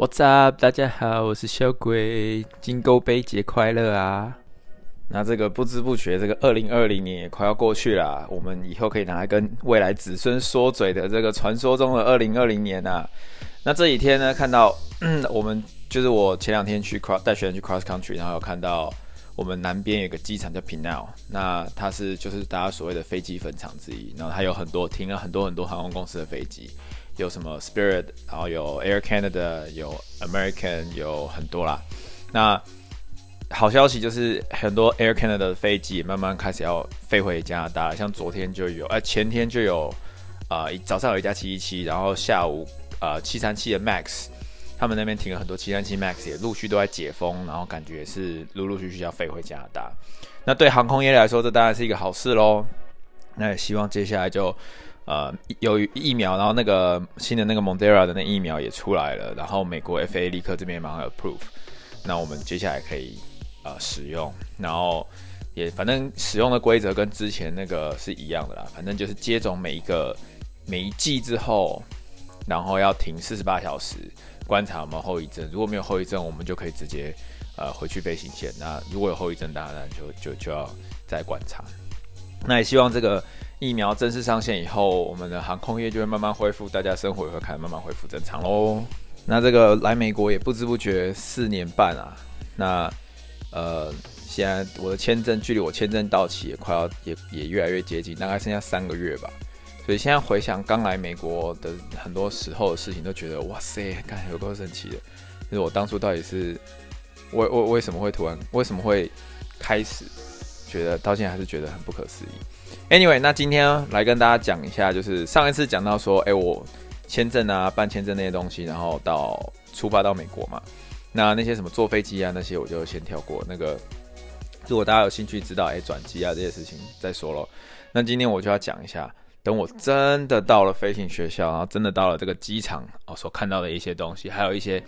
What's up？大家好，我是小鬼，金勾杯節快樂啊！那這個不知不覺，這個二零二零年也快要過去了啊。我們以後可以拿來跟未來子孫說嘴的這個傳說中的二零二零年啊，那這幾天呢，看到我們就是我前兩天去 cross 帶學生去 cross country，然後有看到我們南邊有個機場叫 Pinal。那它是就是大家所謂的飛機墳場之一，然後它有很多停了很多很多航空公司的飛機。有什麼 Spirit，然後有 Air Canada，有 American，有很多啦。那好消息就是很多 Air Canada 的飛機也慢慢開始要飛回加拿大了，像昨天就有，呃，前天就有，啊、呃、早上有一架717，七七然後下午呃737的 Max，他們那邊停了很多737 Max 也陸續都在解封，然後感覺也是陸陸續續要飛回加拿大。那對航空業來說，這當然是一個好事嘍。那也希望接下來就。呃，由於疫苗，然後那個新的那個 Moderna 的那疫苗也出來了，然後美國 FDA 立刻這邊馬上 approve，那我們接下來可以呃使用，然後也反正使用的規則跟之前那個是一樣的啦，反正就是接種每一個每一劑之後，然後要停四十八小時觀察有沒有後遺症，如果沒有後遺症，我們就可以直接呃回去飛行線，那如果有後遺症，當然就就就要再觀察，那也希望這個。疫苗正式上線以後，我們的航空業就會慢慢恢復，大家生活也會開始慢慢恢復正常嘍。那這個來美國也不知不覺四年半啊。那呃，現在我的簽證距離我簽證到期也快要也也越來越接近，大概剩下三個月吧。所以現在回想剛來美國的很多時候的事情，都覺得哇塞，幹，有夠神奇的。就是我當初到底是為為為什麼會突然為什麼會開始覺得到現在還是覺得很不可思議。Anyway，那今天啊，來跟大家講一下，就是上一次講到說，誒、欸，我簽證啊，辦簽證那些東西，然後到出發到美國嘛，那那些什麼坐飛機啊那些，我就先跳過那個。如果大家有興趣知道，誒轉機啊這些事情再說嘍。那今天我就要講一下，等我真的到了飛行學校，然後真的到了這個機場哦，所看到的一些東西，還有一些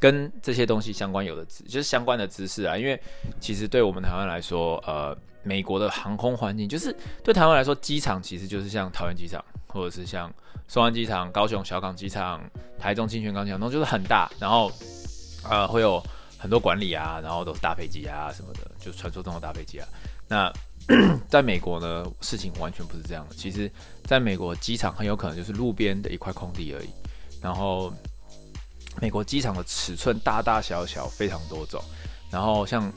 跟這些東西相關有的知，就是相關的知識啊。因為其實對我們台灣來說，呃。美國的航空環境就是對台灣來說，機場其實就是像桃園機場，或者是像松山機場、高雄小港機場、台中清泉崗機場，那就是很大，然後呃會有很多管理啊，然後都是大飛機啊什麼的，就傳說中的大飛機啊。那 在美國呢，事情完全不是這樣的。其實，在美國機場很有可能就是路邊的一塊空地而已。然後，美國機場的尺寸大大小小非常多種。然後像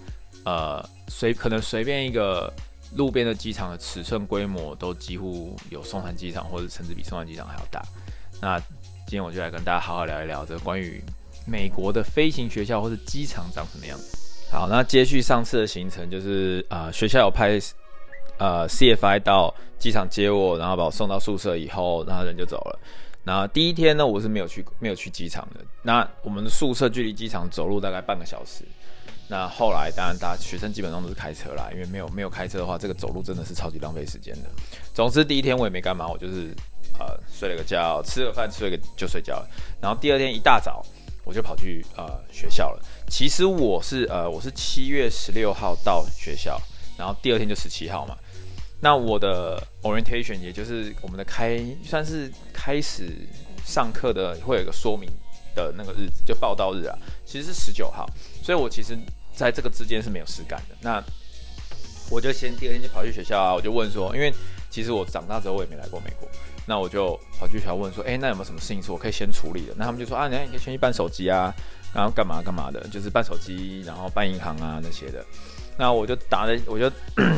呃。隨可能隨便一個路邊的機場的尺寸規模都幾乎有松山機場，或者甚至比松山機場還要大。那今天我就來跟大家好好聊一聊這關於美國的飛行學校或是機場長什麼樣子。好，那接續上次的行程，就是呃學校有派呃 CFI 到機場接我，然後把我送到宿舍以後，然後人就走了。那第一天呢，我是沒有去、沒有去機場的。那我們的宿舍距離機場走路大概半個小時。那後來，當然，大家學生基本上都是開車啦，因為沒有沒有開車的話，這個走路真的是超級浪費時間的。總之，第一天我也沒幹嘛，我就是呃睡了個覺，吃了飯，睡個就睡覺了。然後第二天一大早我就跑去呃學校了。其實我是呃我是七月十六號到學校，然後第二天就十七號嘛。那我的 orientation 也就是我們的開算是開始上課的，會有一個說明，的那個日子就報到日啊，其實是十九號，所以我其實在這個之間是沒有時間的。那我就先第二天就跑去學校，啊，我就問說，因為其實我長大之後我也沒來過美國，那我就跑去學校問說，哎、欸，那有沒有什麼事情是我可以先處理的？那他們就說啊，你可以先去辦手機啊，然後幹嘛幹嘛的，就是辦手機，然後辦銀行啊那些的。那我就答了，我就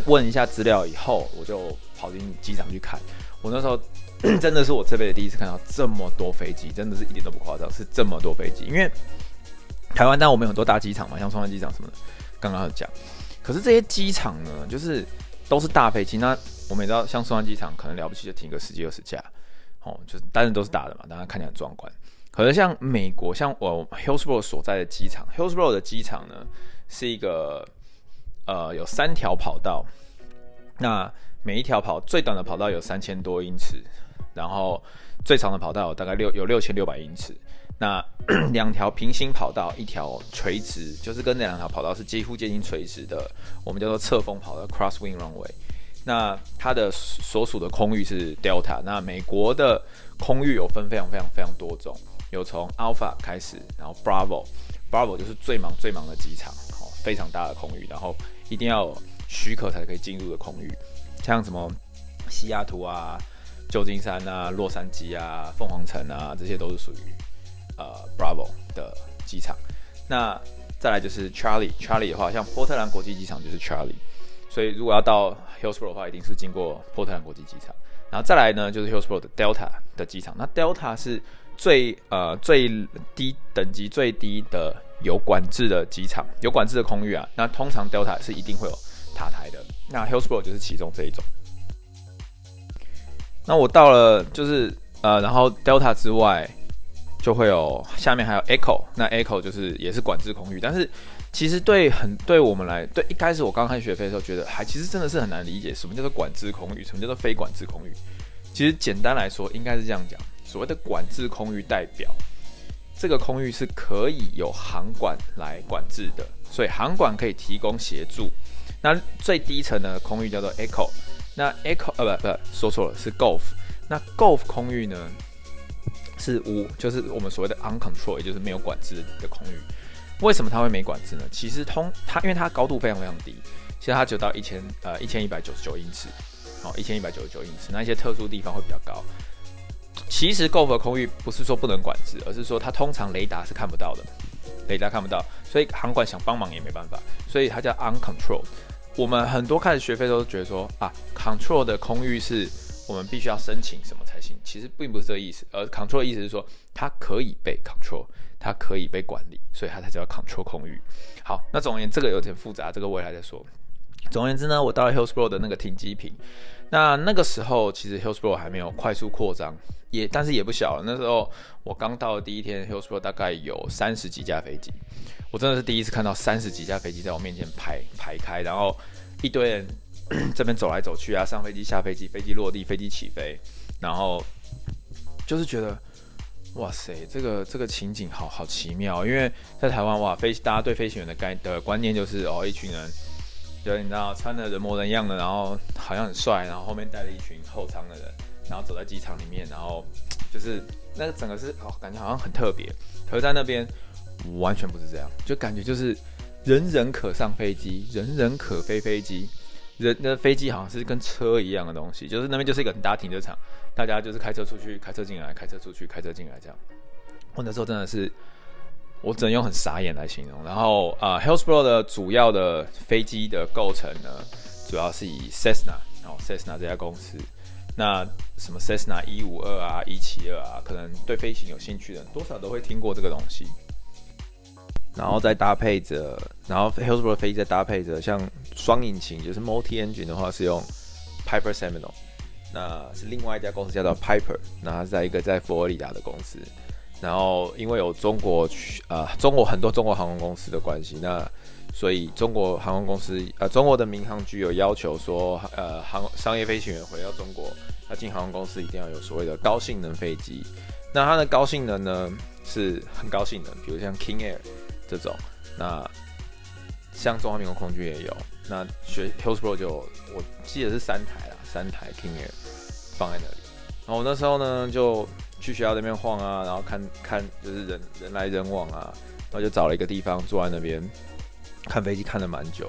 問一下資料以後，我就跑進機場去看。我那時候。 真的是我這輩子第一次看到這麼多飛機，真的是一點都不誇張，是這麼多飛機。因為台灣當然我們有很多大機場嘛，像松山機場什麼的，剛剛有講。可是這些機場呢，就是都是大飛機。那我們也知道，像松山機場，可能了不起就停個十幾二十架，哦，就但是單子都是大的嘛，當然看起來很壯觀。可是像美國，像我，我 Hillsboro 所在的機場 ，Hillsboro 的機場呢，是一個呃有三條跑道，那每一條跑最短的跑道有三千多英尺。然後最長的跑道大概六有六千六百英尺，那 兩條平行跑道，一條垂直，就是跟那兩條跑道是幾乎接近垂直的，我們叫做側風跑道 （crosswind runway）。那它的所屬的空域是 Delta。那美國的空域有分非常非常非常多種，有從 Alpha 開始，然後 Bravo，Bravo 就是最忙最忙的機場，哦，非常大的空域，然後一定要許可才可以進入的空域，像什麼西雅圖啊。舊金山啊，洛杉磯啊，鳳凰城啊，這些都是屬於呃 Bravo 的機場。那再來就是 Charlie，Charlie 的話，像波特蘭國際機場就是 Charlie，所以如果要到 Hillsboro 的話，一定是經過波特蘭國際機場。然後再來呢，就是 Hillsboro 的 Delta 的機場。那 Delta 是最呃最低等級最低的有管制的機場，有管制的空域啊。那通常 Delta 是一定會有塔台的。那 Hillsboro 就是其中這一種。那我到了就是呃，然後 Delta 之外就會有下面還有 Echo，那 Echo 就是也是管制空域，但是其實對很對我們來對一開始我剛開始學飛的時候覺得還其實真的是很難理解什麼叫做管制空域，什麼叫做非管制空域。其實簡單來說應該是這樣講，所謂的管制空域代表這個空域是可以由航管來管制的，所以航管可以提供協助。那最低層的空域叫做 Echo。那 echo 呃不不說錯了是 golf，那 golf 空域呢是無，就是我們所謂的 uncontrolled 也就是沒有管制的空域。為什麼它會沒管制呢？其實通它因為它高度非常非常低，其實它只有到一千呃一千一百九十九英尺，好一千一百九十九英尺。那一些特殊地方會比較高。其實 golf 的空域不是說不能管制，而是說它通常雷達是看不到的，雷達看不到，所以航管想幫忙也沒辦法，所以它叫 uncontrolled 我們很多開始學費都覺得說啊，control 的空域是我們必須要申請什麼才行，其實並不是這個意思。而 control 的意思是說它可以被 control，它可以被管理，所以它才叫 control 空域。好，那總而言之這個有點複雜，這個未來再說。總而言之呢，我到了 Hillsboro 的那個停機坪，那那個時候其實 Hillsboro 還沒有快速擴張。也，但是也不小了，那時候我剛到的第一天，Hillsboro 大概有三十幾架飛機，我真的是第一次看到三十幾架飛機在我面前排排開，然後一堆人這邊走來走去啊，上飛機、下飛機，飛機落地、飛機起飛，然後就是覺得哇塞，這個這個情景好好奇妙。因為在台灣，哇，飛大家對飛行員的概的觀念就是哦，一群人，覺得你知道，穿得人模人樣的，然後好像很帥，然後後面帶了一群後艙的人。然後走在機場裡面，然後就是那個整個是、哦，感覺好像很特別。可是在那邊完全不是這樣，就感覺就是人人可上飛機，人人可飛飛機，人的、那個、飛機好像是跟車一樣的東西，就是那邊就是一個很大停車場，大家就是開車出去，開車進來，開車出去，開車進來這樣。混的時候真的是，我只能用很傻眼來形容。然後啊、呃、Hillsboro 的主要的飛機的構成呢，主要是以 Cessna，然、哦、後 Cessna 這家公司，那什麼 Cessna 一五二啊，一七二啊，可能對飛行有興趣的人多少都會聽過這個東西。然後再搭配着，然後 Hillsboro 飛機再搭配着，像雙引擎就是 multi-engine 的話是用 Piper Seminole，那是另外一家公司叫做 Piper，那它是在一個在佛羅里達的公司。然後因為有中國啊、呃，中國很多中國航空公司的關係，那所以中國航空公司，呃，中國的民航局有要求說，呃，航商業飛行員回到中國，他進航空公司一定要有所謂的高性能飛機。那它的高性能呢，是很高性能，比如像 King Air 這種，那像中華民國空軍也有，那學 Hillsboro 就我記得是三台啦，三台 King Air 放在那裡。然後我那時候呢，就去學校那邊晃啊，然後看看就是人人來人往啊，然後就找了一個地方坐在那邊。看飛機看了蠻久，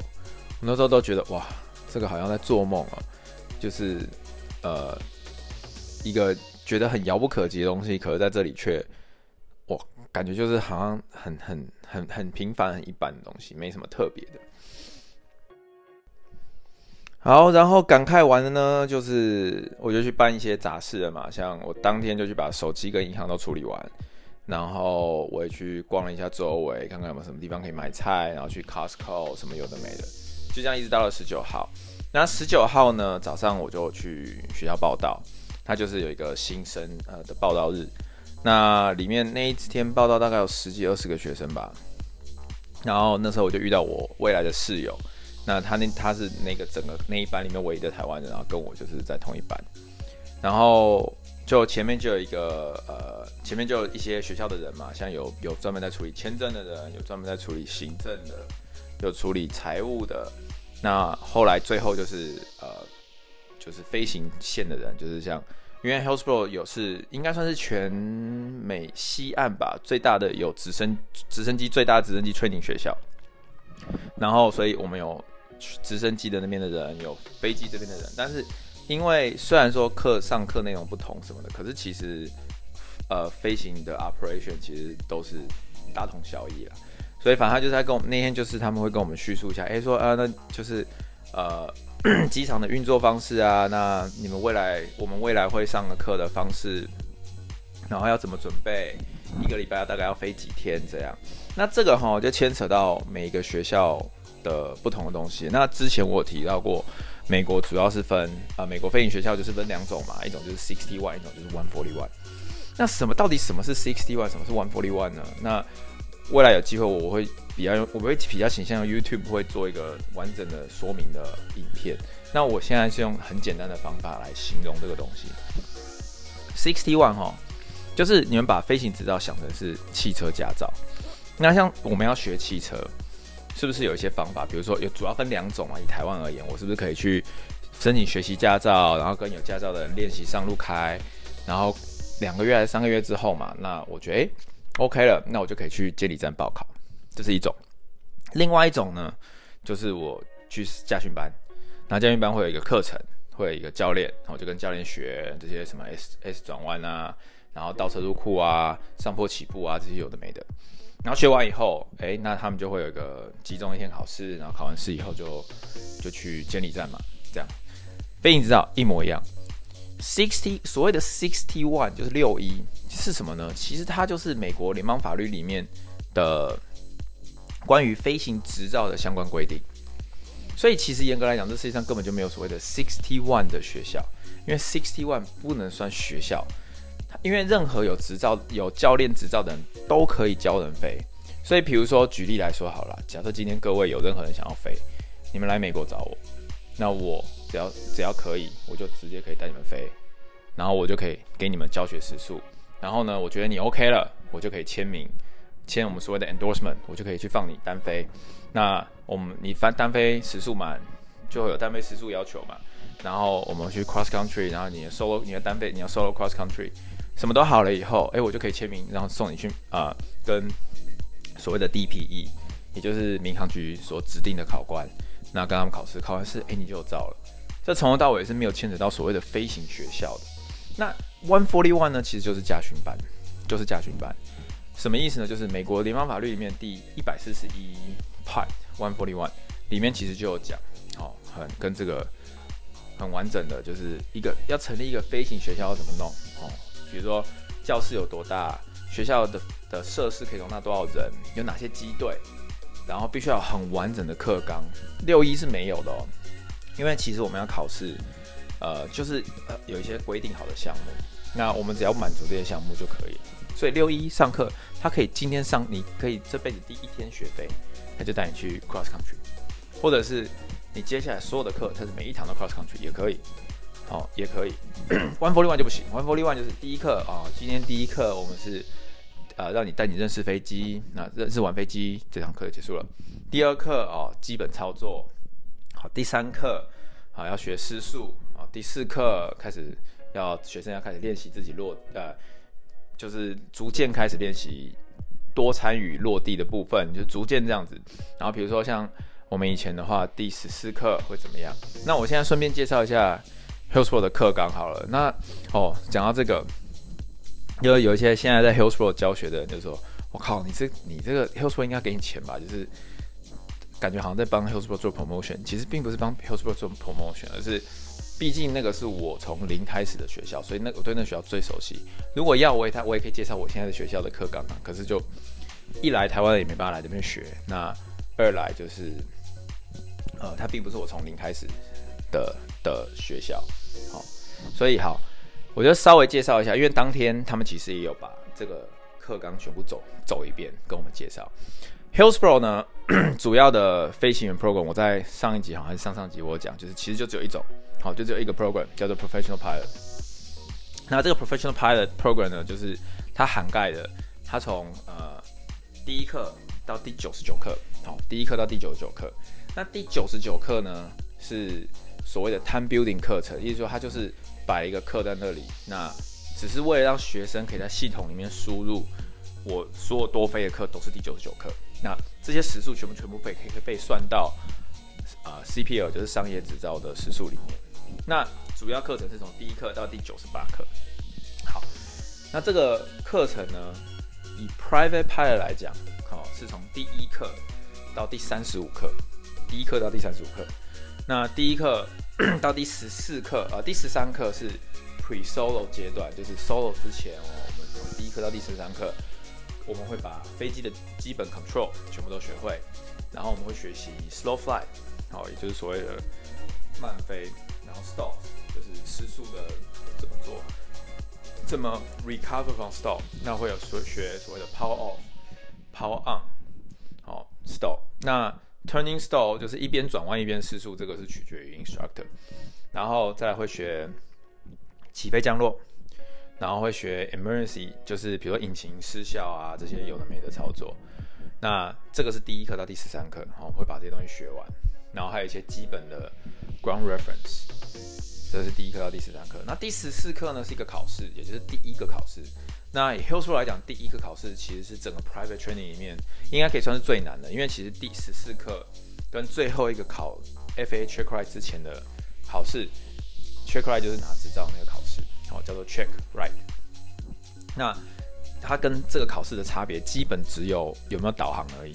很多時候都覺得哇，這個好像在做夢啊，就是呃一個覺得很遙不可及的東西，可是在這裡卻我感覺就是好像很很很很平凡、很一般的東西，沒什麼特別的。好，然後感慨完了呢，就是我就去辦一些雜事了嘛，像我當天就去把手機跟銀行都處理完。然後我也去逛了一下周圍，看看有沒有什麼地方可以買菜，然後去 Costco 什麼有的沒的，就這樣一直到了十九號。那十九號呢，早上我就去學校報到，他就是有一個新生呃的報到日。那裡面那一天報到大概有十幾二十個學生吧。然後那時候我就遇到我未來的室友，那他那他是那個整個那一班裡面唯一的台灣人，然後跟我就是在同一班，然後。就前面就有一個呃，前面就有一些學校的人嘛，像有有專門在處理簽證的人，有專門在處理行政的，有處理財務的。那後來最後就是呃，就是飛行線的人，就是像因為 Hillsboro 有是應該算是全美西岸吧最大的有直升直升機最大的直升機 training 學校，然後所以我們有直升機的那邊的人，有飛機這邊的人，但是。因為雖然說課上課內容不同什麼的，可是其實，呃，飛行的 operation 其實都是大同小異啦。所以反正他就是在跟我們那天就是他們會跟我們敘述一下，哎、欸、說啊、呃，那就是呃機 場的運作方式啊，那你們未來我們未來會上的課的方式，然後要怎麼準備，一個禮拜大概要飛幾天這樣。那這個哈就牽扯到每一個學校的不同的東西。那之前我有提到過。美國主要是分啊、呃，美國飛行學校就是分兩種嘛，一種就是 Sixty One，一種就是 One Forty One。那什麼到底什麼是 Sixty One，什麼是 One Forty One 呢？那未來有機會我會比較用，我會比較傾向於 YouTube 會做一個完整的說明的影片。那我現在是用很簡單的方法來形容這個東西。Sixty One 哈，就是你們把飛行執照想成是汽車駕照。那像我們要學汽車。是不是有一些方法？比如說，有主要分兩種嘛。以台灣而言，我是不是可以去申請學習駕照，然後跟有駕照的人練習上路開，然後兩個月還是三個月之後嘛？那我覺得，誒，OK 了，那我就可以去監理站報考，這是一種。另外一種呢，就是我去駕訓班，那駕訓班會有一個課程，會有一個教練，然後我就跟教練學這些什麼 S S 轉彎啊，然後倒車入庫啊，上坡起步啊，這些有的沒的。然後學完以後，哎，那他們就會有一個集中一天考試，然後考完試以後就就去監理站嘛，這樣飛行執照一模一樣。sixty 所謂的 sixty one 就是六一，是什麼呢？其實它就是美國聯邦法律裡面的關於飛行執照的相關規定。所以其實嚴格來講，這世界上根本就沒有所謂的 sixty one 的學校，因為 sixty one 不能算學校。因為任何有執照、有教練執照的人都可以教人飛，所以比如說，舉例來說好了，假設今天各位有任何人想要飛，你們來美國找我，那我只要只要可以，我就直接可以帶你們飛，然後我就可以給你們教學時數。然後呢，我覺得你 OK 了，我就可以簽名，簽我們所謂的 endorsement，我就可以去放你單飛。那我們你飛單飛時數滿，就會有單飛時數要求嘛，然後我們去 cross country，然後你 solo 你的單飛你要 solo cross country。什麼都好了以後，誒，我就可以簽名，然後送你去啊、呃，跟所謂的 DPE，也就是民航局所指定的考官，那跟他們考試，考完試，誒，你就有照了。這從頭到尾是沒有牽扯到所謂的飛行學校的。那 One Forty One 呢，其實就是駕訓班，就是駕訓班。什麼意思呢？就是美國聯邦法律裡面第一百四十一派 One Forty One 裡面其實就有講，哦，很跟這個很完整的，就是一個要成立一個飛行學校要怎麼弄，哦。比如說教室有多大，學校的的設施可以容納多少人，有哪些機隊，然後必須要很完整的課綱。六一是沒有的哦，因為其實我們要考試，呃，就是有一些規定好的項目，那我們只要滿足這些項目就可以。所以六一上課，他可以今天上，你可以這輩子第一天學飛，他就帶你去 cross country，或者是你接下來所有的課，他是每一堂都 cross country 也可以。好、哦，也可以。 141就不行。141就是第一課啊、哦，今天第一課我們是呃讓你帶你認識飛機，那、啊、認識完飛機這堂課就結束了。第二課哦，基本操作。好，第三課好、啊，要學失速啊。第四課開始，要學生要開始練習自己落，呃，就是逐漸開始練習多參與落地的部分，就逐漸這樣子。然後比如說像我們以前的話，第十四課會怎麼樣？那我現在順便介紹一下。Hillsboro 的課綱好了，那哦，講到這個，因為有一些現在在 Hillsboro 教學的人就說：“我靠，你這你這個 Hillsboro 應該給你錢吧？”就是感覺好像在幫 Hillsboro 做 promotion，其實並不是幫 Hillsboro 做 promotion，而是畢竟那個是我從零開始的學校，所以那我、個、對那個學校最熟悉。如果要我他我也可以介紹我現在的學校的課綱嘛，可是就一來台灣也沒辦法來這邊學，那二來就是呃，他並不是我從零開始的，的學校，好，所以好，我就稍微介紹一下，因為當天他們其實也有把這個課綱全部走走一遍，跟我們介紹。Hillsboro 呢， 主要的飛行員 program，我在上一集好像還是上上一集我講，就是其實就只有一種，好，就只有一個 program 叫做 Professional Pilot。那這個 Professional Pilot program 呢，就是它涵蓋的，它從呃第一課到第九十九課，好，第一課到第九十九課，那第九十九課呢是。所謂的 time building 課程，意思說它就是擺一個課在那裡，那只是為了讓學生可以在系統裡面輸入，我所有多飛的課都是第九十九課，那這些時數全部全部被可，可以被算到啊、呃、CPL 就是商業執照的時數裡面。那主要課程是從第一課到第九十八課。好，那這個課程呢，以 private pilot 來講，好是從第一課到第三十五課，第一課到第三十五課，那第一課。到第十四課，呃，第十三課是 pre solo 階段，就是 solo 之前哦。我們從第一課到第十三課，我們會把飛機的基本 control 全部都學會，然後我們會學習 slow flight，好、哦，也就是所謂的慢飛，然後 stall 就是失速的怎麼做，怎麼 recover from stall 那會有所學所謂的 power off，power on，好、哦、，stall 那。Turning stall 就是一邊轉彎一邊失速，這個是取決於 instructor。然後再來會學起飛降落，然後會學 emergency，就是比如說引擎失效啊這些有的沒的操作。那這個是第一課到第十三課，我會把這些東西學完，然後還有一些基本的 ground reference，這是第一課到第十三課。那第十四課呢是一個考試，也就是第一個考試。那以 Hill 說來講，第一個考試其實是整個 Private Training 裡面應該可以算是最難的，因為其實第十四課跟最後一個考 FA Checkride 之前的考試，Checkride 就是拿執照的那個考試，然後、哦、叫做 Checkride。那它跟這個考試的差別基本只有有沒有導航而已，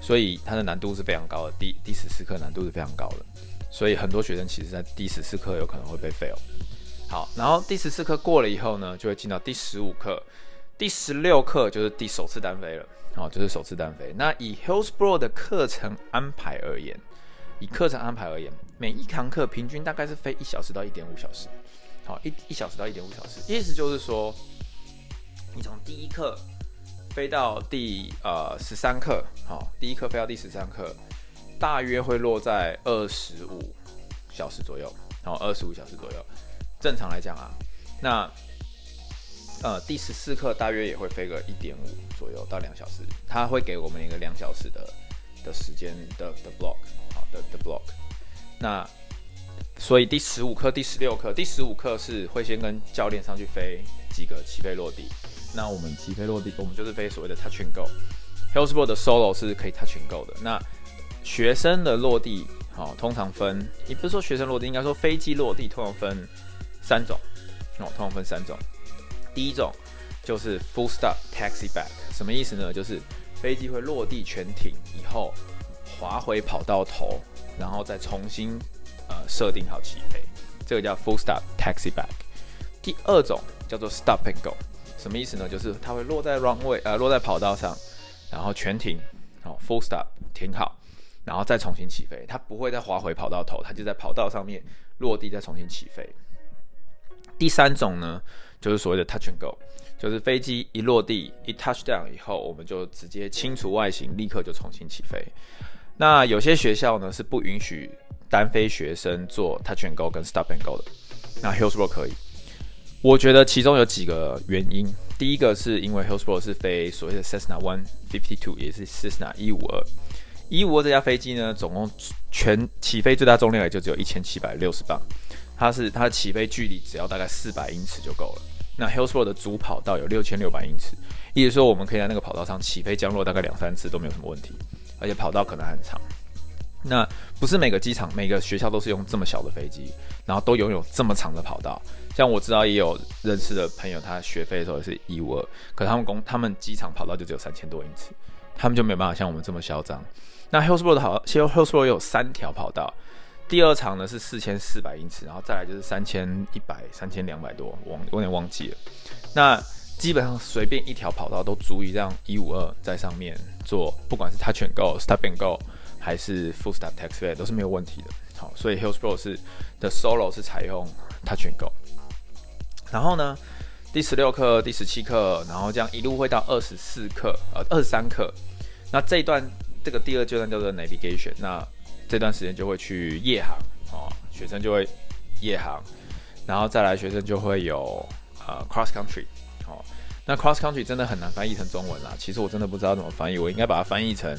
所以它的難度是非常高的。第第十四課難度是非常高的，所以很多學生其實在第十四課有可能會被 fail。好，然後第十四課過了以後呢，就會進到第十五課，第十六課就是第首次單飛了。好，就是首次單飛。那以 Hillsboro 的課程安排而言，以課程安排而言，每一堂課平均大概是飛一小時到一點五小時。好，一一小時到一點五小時，意思就是說，你從第一課飛到第呃十三課，好，第一課飛到第十三課，大約會落在二十五小時左右。好，二十五小時左右。正常來講啊，那呃第十四課大約也會飛個一點五左右到兩小時，他會給我們一個兩小時的的時間的的 block，好的的 block。那所以第十五課、第十六課、第十五課是會先跟教練上去飛幾個起飛落地。那我們起飛落地，我們就是飛所謂的 touch and go。 Hillsboro 的 solo 是可以 touch and go 的。那學生的落地，好、哦，通常分，也不是說學生落地，應該說飛機落地，通常分。三種哦，通常分三種。第一種就是 full stop taxi back，什麼意思呢？就是飛機會落地全停以後，滑回跑道頭，然後再重新呃設定好起飛，這個叫 full stop taxi back。第二種叫做 stop and go，什麼意思呢？就是它會落在 runway，呃落在跑道上，然後全停，哦 full stop 停好，然後再重新起飛，它不會再滑回跑道頭，它就在跑道上面落地再重新起飛。第三種呢，就是所謂的 touch and go，就是飛機一落地一 touch down 以後，我們就直接清除外形，立刻就重新起飛。那有些學校呢是不允許單飛學生做 touch and go 跟 stop and go 的，那 Hillsboro 可以。我覺得其中有幾個原因，第一個是因為 Hillsboro 是飛所謂的 Cessna 152，也是 Cessna 152，152這架飛機呢，總共全起飛最大重量也就只有一千七百六十磅。它是，它的起飛距離只要大概四百英尺就夠了。那 Hillsboro 的主跑道有六千六百英尺，意思說我們可以在那個跑道上起飛降落大概兩三次都沒有什麼問題，而且跑道可能還很長。那不是每個機場、每個學校都是用這麼小的飛機，然後都擁有這麼長的跑道。像我知道也有認識的朋友，他學飛的時候也是一五二，可他們公他們機場跑道就只有三千多英尺，他們就沒有辦法像我們這麼囂張。那 Hillsboro 的跑道，其實 Hillsboro 有三條跑道。第二場呢是四千四百英尺，然後再來就是三千一百、三千兩百多，我我有點忘記了。那基本上隨便一條跑道都足以讓一五二在上面做，不管是 Touch and Go、Stop and Go 還是 full stop taxi 都是沒有問題的。好，所以 Hillsboro 是的 solo 是採用 Touch and Go。然後呢，第十六課、第十七課，然後這樣一路會到二十四課、呃二十三課。那這一段這個第二階段叫做 navigation。那這段時間就會去夜航哦，學生就會夜航，然後再來學生就會有呃 cross country 哦，那 cross country 真的很難翻譯成中文啦。其實我真的不知道怎麼翻譯，我應該把它翻譯成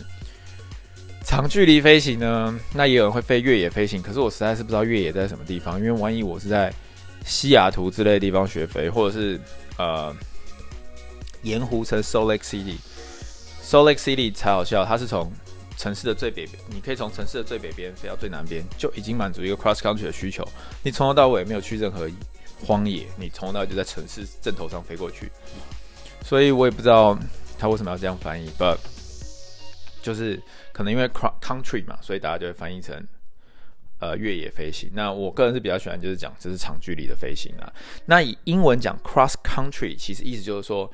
長距離飛行呢？那也有人會飛越野飛行，可是我實在是不知道越野在什麼地方，因為萬一我是在西雅圖之類的地方學飛，或者是呃鹽湖城 Salt Lake City，Salt Lake City 才好笑，它是從。城市的最北邊，你可以從城市的最北邊飛到最南邊，就已經滿足一個 cross country 的需求。你從頭到尾也沒有去任何荒野，你從頭到尾就在城市鎮頭上飛過去。所以我也不知道他為什麼要這樣翻譯，but 就是可能因為 cross country 嘛，所以大家就會翻譯成呃越野飛行。那我個人是比較喜歡就是講這是長距離的飛行啊。那以英文講 cross country，其實意思就是說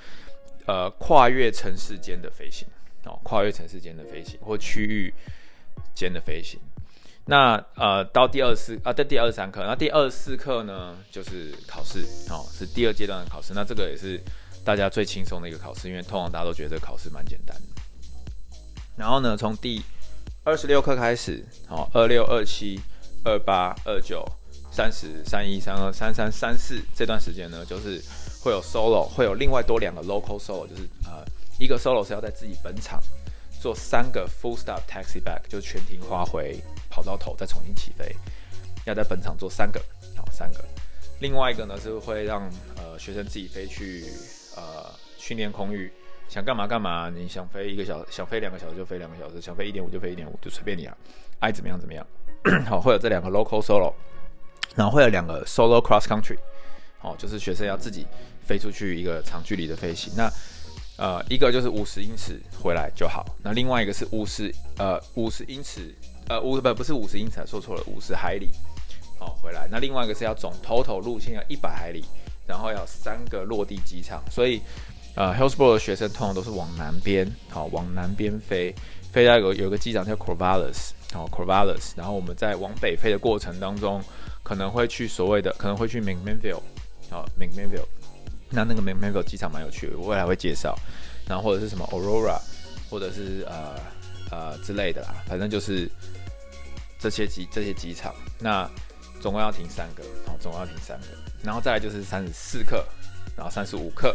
呃跨越城市間的飛行。跨越城市間的飛行或區域間的飛行，那呃，到第二次啊，到第二十三課，那第二十四課呢，就是考試哦，是第二階段的考試。那這個也是大家最輕鬆的一個考試，因為通常大家都覺得這個考試蠻簡單的。然後呢，從第二十六課開始，好、哦，二六二七二八二九三十三一三二三三三四這段時間呢，就是會有 solo，會有另外多兩個 local solo，就是呃。一個 solo 是要在自己本場做三個 full stop taxi back，就是全停滑回跑道頭，再重新起飛，要在本場做三個，好三個。另外一個呢是會讓呃學生自己飛去呃訓練空域，想幹嘛幹嘛，你想飛一個小，想飛兩個小時就飛兩個小時，想飛一點五就飛一點五，就隨便你了啊，愛怎麼樣怎麼樣。 好，會有這兩個 local solo，然後會有兩個 solo cross country，好，就是學生要自己飛出去一個長距離的飛行。那呃，一個就是五十英尺回來就好，那另外一個是五十，呃五十英尺呃五十不是五十英尺，呃、5, 50英尺說錯了，五十海里，好、哦、回來。那另外一個是要總 total 路線要一百海里，然後要三個落地機場。所以呃，Hillsboro 的學生通常都是往南邊，好、哦、往南邊飛，飛到有有一個機場叫 Corvallis，好、哦、Corvallis，然後我們在往北飛的過程當中，可能會去所謂的可能會去、McMinnville，好、哦、McMinnville 那那個梅梅爾機場蠻有趣的，我未來會介紹。然後或者是什麼 Aurora，或者是呃呃之類的啦，反正就是這些機這些機場。那總共要停三個啊、哦，總共要停三個。然後再來就是三十四課，然後三十五課，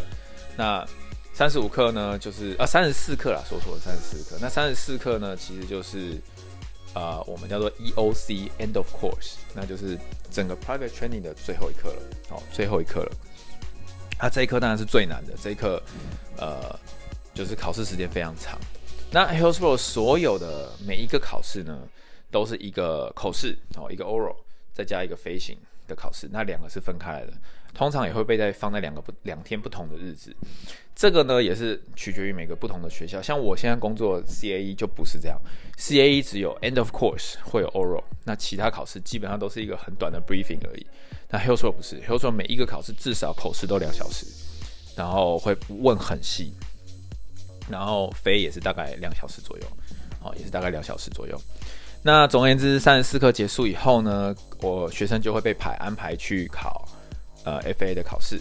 那三十五課呢，就是呃三十四課啦，說錯了，三十四課，那三十四課呢，其實就是呃我們叫做 E.O.C. End of Course，那就是整個 Private Training 的最後一課了，好、哦，最後一課了。它、啊、這一科當然是最難的，這一科，呃，就是考試時間非常長。那 Hillsboro 所有的每一個考試呢，都是一個口試哦，一個 oral，再加一個飛行的考試，那兩個是分開來的，通常也會被在放在兩個不兩天不同的日子。這個呢，也是取決於每個不同的學校。像我現在工作 CAE 就不是這樣，CAE 只有 end of course 會有 oral，那其他考試基本上都是一個很短的 briefing 而已。那 Hillsboro 不是，Hillsboro 每一個考試至少口試都兩小時，然後會不問很細，然後飛也是大概兩小時左右，好、哦，也是大概兩小時左右。那總而言之，三十四課結束以後呢，我學生就會被排安排去考呃 FAA 的考試。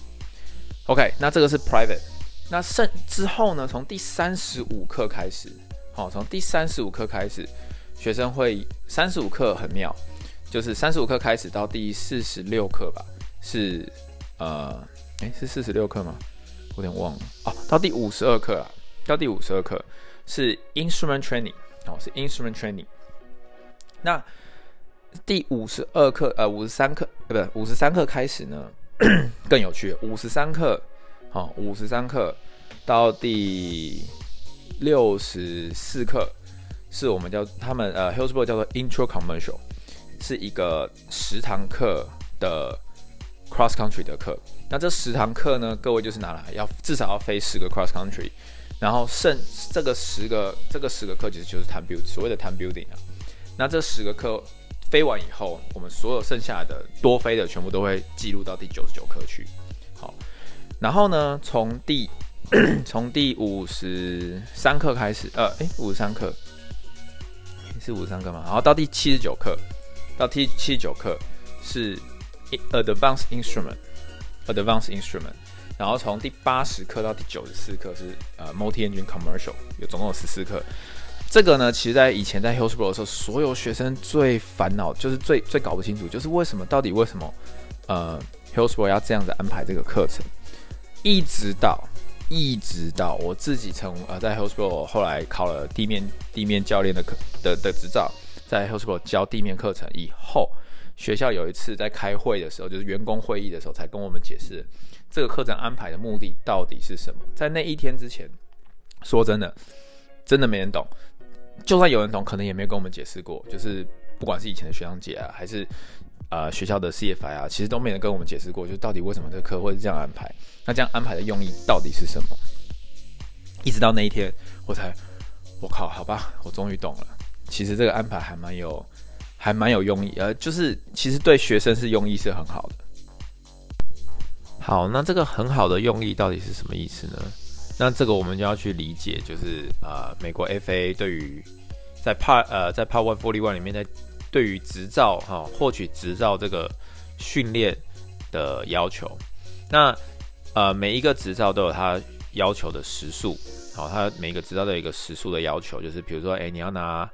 OK，那這個是 Private，那剩之後呢，從第三十五課開始，好、哦，從第三十五課開始，學生會三十五課很妙。就是三十五課開始到第四十六課吧，是呃，哎，是四十六課嗎？我有點忘了哦。到第五十二課了，到第五十二課是 instrument training 哦，是 instrument training。那第五十二課，呃，五十三課，不對，五十三課開始呢，咳咳，更有趣。五十三課，好、哦，五十三課到第六十四課是我們叫他們呃，Hillsborough 叫做 intro commercial。是一個十堂課的 cross country 的課，那這十堂課呢，各位就是拿來要至少要飛十個 cross country，然後剩這個十個這個十個課其實就是 time build，所謂的 time building 啊，那這十個課飛完以後，我們所有剩下的多飛的全部都會記錄到第九十九課去。好，然後呢，從第從第五十三課開始，呃，誒、欸，五十三課是五十三課嗎？然後到第七十九課。到 ,79 ument, ument, 第到第七九課是 Advanced Instrument，Advanced Instrument，然後從第八十課到第九十四課是呃 Multi Engine Commercial，有總共有十四課。這個呢，其實在以前在 Hillsboro 的時候，所有學生最煩惱就是最最搞不清楚，就是為什麼到底為什麼呃 Hillsboro 要這樣子安排這個課程，一直到一直到我自己成呃在 Hillsboro 後來考了地面地面教練的課的的執照。在 hospital 教地面課程以後，學校有一次在開會的時候，就是員工會議的時候，才跟我們解釋這個課程安排的目的到底是什麼。在那一天之前，說真的，真的沒人懂。就算有人懂，可能也沒跟我們解釋過。就是不管是以前的學長姐啊，還是啊、呃、學校的 CFI 啊，其實都沒人跟我們解釋過，就到底為什麼這個課會是這樣安排。那這樣安排的用意到底是什麼？一直到那一天，我才，我靠，好吧，我終於懂了。其實這個安排還蠻有，還蠻有用意，呃，就是其實對學生是用意是很好的。好，那這個很好的用意到底是什麼意思呢？那這個我們就要去理解，就是呃，美國 FA 對於在 Part 呃在 Part 141裡面在對於執照哈、哦、獲取執照這個訓練的要求。那呃每一個執照都有它要求的時數，好、哦，它每一個執照都有一個時數的要求，就是比如說，誒，你要拿。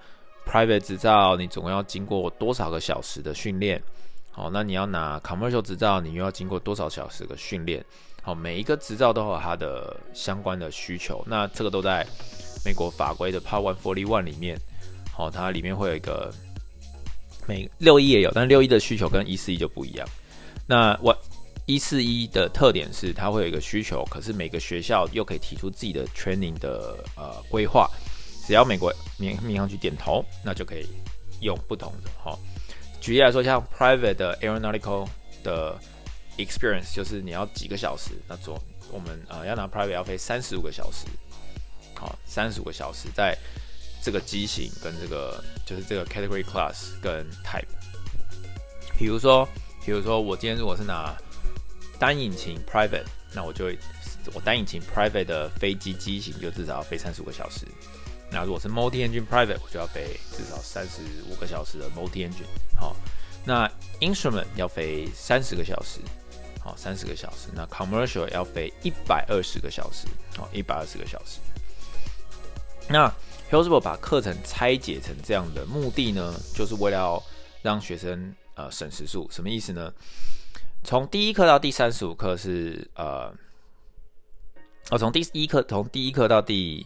Private 執照，你總共要經過多少個小時的訓練？好，那你要拿 Commercial 執照，你又要經過多少小時的訓練？好，每一個執照都有它的相關的需求。那這個都在美國法規的 Part One Forty One 裡面。好，它裡面會有一個每六一也有，但六一的需求跟一四一就不一樣。那我一四一的特點是，它會有一個需求，可是每個學校又可以提出自己的 training 的呃規劃。只要美國民民航局點頭，那就可以用不同的哈。舉例來說，像 Private 的 Aeronautical 的 Experience，就是你要幾個小時那總。我們啊、呃、要拿 Private 要飛三十五個小時，好，三十五個小時在這個機型跟這個就是這個 Category Class 跟 Type。比如說，比如說我今天如果是拿單引擎 Private，那我就會我單引擎 Private 的飛機機型就至少要飛三十五個小時。那如果是 Multi Engine Private，我就要飛至少三十五個小時的 Multi Engine、哦。好，那 Instrument 要飛三十個小時。好、哦，三十個小時。那 Commercial 要飛一百二十個小時。好、哦，一百二十個小時。那 Hillsboro 把課程拆解成這樣的目的呢，就是為了讓學生呃省時數。什麼意思呢？從第一課到第三十五課是呃，哦，從第，第一課從第一課到第。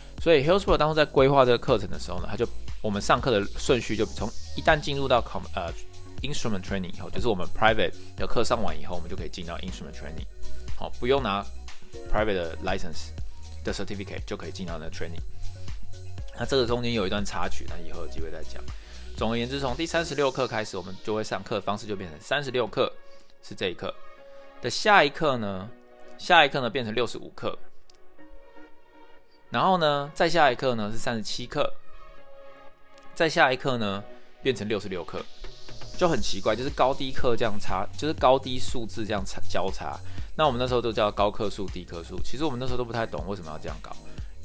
所以 Hillsboro 當初在規劃這個課程的時候呢，他就我們上課的順序就從一旦進入到 com 呃、uh, instrument training 以後，就是我們 private 的課上完以後，我們就可以進到 instrument training，好，不用拿 private 的 license 的 certificate 就可以進到那 training。那這個中間有一段插曲，那以後有機會再講。總而言之，從第三十六課開始，我們就會上課的方式就變成三十六課是這一課。的下一課呢，下一課呢變成六十五課。然後呢，再下一課呢是三十七課，再下一課呢變成六十六課，就很奇怪，就是高低課這樣差，就是高低數字這樣差交叉。那我們那時候都叫高課數、低課數。其實我們那時候都不太懂為什麼要這樣搞。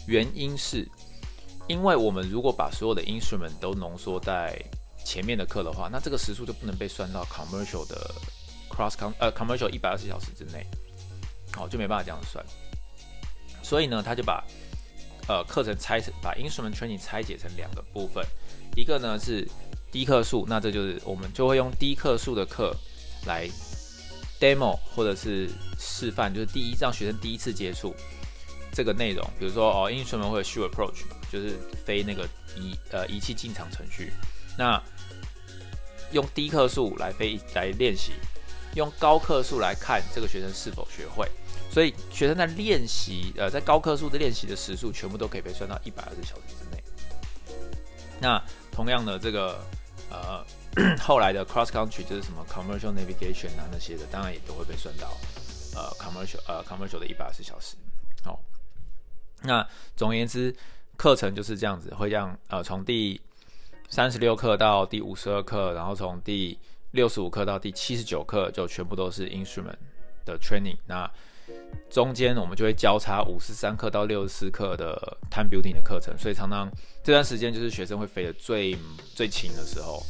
原因是，因為我們如果把所有的 instrument 都濃縮在前面的課的話，那這個時數就不能被算到 commercial 的 cross con，呃，commercial 一百二十小時之內，哦，就沒辦法這樣算。所以呢，他就把呃，課程拆成把 instrument training 拆解成兩個部分，一個呢是低課數，那這就是我們就會用低課數的課來 demo 或者是示範，就是第一讓學生第一次接觸這個內容，比如說哦，instrument 會有 shoot approach，就是飛那個儀呃儀器進場程序，那用低課數來飛來練習，用高課數來看這個學生是否學會。所以學生在練習，呃，在高科數的練習的時數，全部都可以被算到一百二十小時之內。那同樣的，這個呃後來的 cross country 就是什麼 commercial navigation 啊那些的，當然也都會被算到呃 commercial 呃 commercial 的一百二十小時。好，那總而言之，課程就是這樣子，會這樣呃從第三十六課到第五十二課，然後從第六十五課到第七十九課，就全部都是 instrument 的 training。那中間我們就會交叉五十三課到六十四課的 time building 的課程，所以常常這段時間就是學生會飛的最最勤的時候。